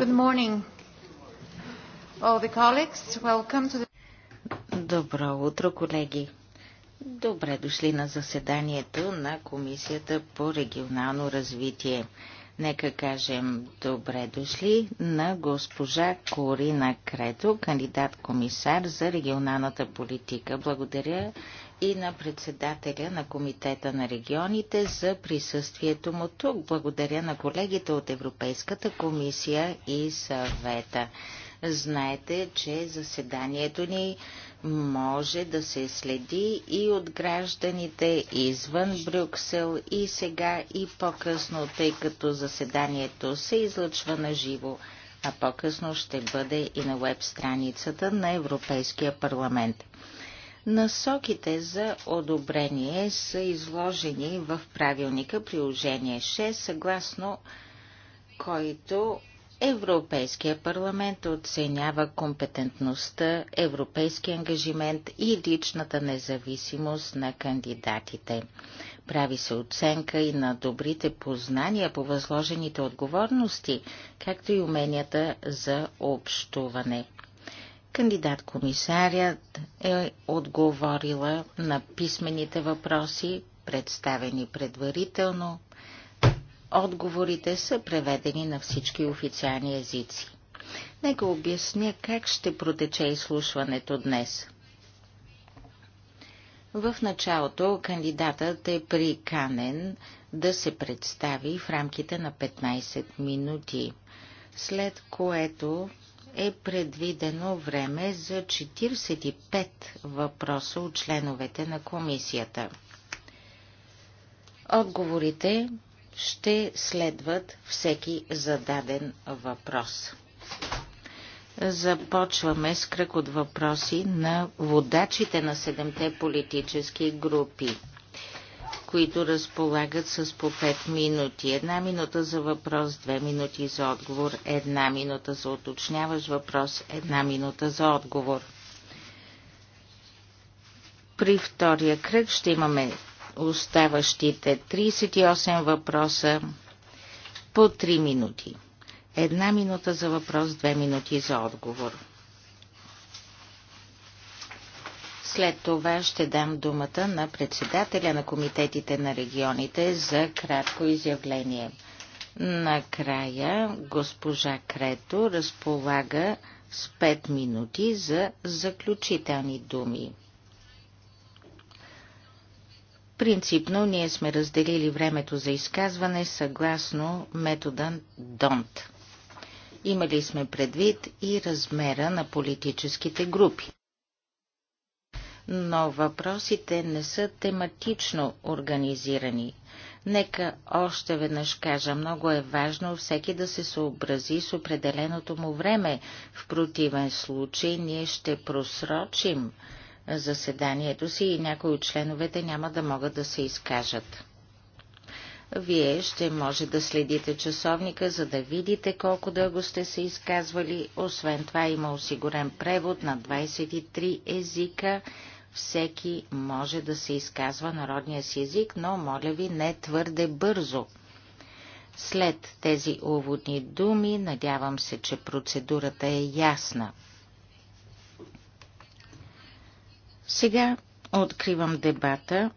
Good morning, all the colleagues. Welcome to the... Добро утро, колеги! Добре дошли на заседанието на Комисията по регионално развитие. Нека кажем добре дошли на госпожа Корина Крето, кандидат-комисар за регионалната политика. Благодаря и на председателя на Комитета на регионите за присъствието му тук. Благодаря на колегите от Европейската комисия и съвета. Знаете, че заседанието ни може да се следи и от гражданите извън Брюксел и сега и по-късно, тъй като заседанието се излъчва на живо, а по-късно ще бъде и на веб страницата на Европейския парламент. Насоките за одобрение са изложени в правилника приложение 6, съгласно който Европейския парламент оценява компетентността, европейски ангажимент и личната независимост на кандидатите. Прави се оценка и на добрите познания по възложените отговорности, както и уменията за общуване. Кандидат-комисарят е отговорила на писмените въпроси, представени предварително. Отговорите са преведени на всички официални езици. Нека обясня как ще протече изслушването днес. В началото кандидатът е приканен да се представи в рамките на 15 минути, след което е предвидено време за 45 въпроса от членовете на комисията. Отговорите ще следват всеки зададен въпрос. Започваме с кръг от въпроси на водачите на седемте политически групи които разполагат с по 5 минути. Една минута за въпрос, две минути за отговор, една минута за уточняваш въпрос, една минута за отговор. При втория кръг ще имаме оставащите 38 въпроса по 3 минути. Една минута за въпрос, две минути за отговор. След това ще дам думата на председателя на комитетите на регионите за кратко изявление. Накрая госпожа Крето разполага с 5 минути за заключителни думи. Принципно ние сме разделили времето за изказване съгласно метода ДОНТ. Имали сме предвид и размера на политическите групи но въпросите не са тематично организирани. Нека още веднъж кажа, много е важно всеки да се съобрази с определеното му време. В противен случай ние ще просрочим заседанието си и някои от членовете няма да могат да се изкажат. Вие ще може да следите часовника, за да видите колко дълго сте се изказвали. Освен това има осигурен превод на 23 езика всеки може да се изказва народния си език, но, моля ви, не твърде бързо. След тези уводни думи, надявам се, че процедурата е ясна. Сега откривам дебата.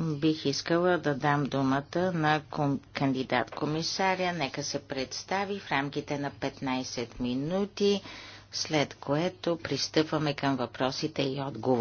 Бих искала да дам думата на кандидат-комисаря. Нека се представи в рамките на 15 минути, след което пристъпваме към въпросите и отговорите.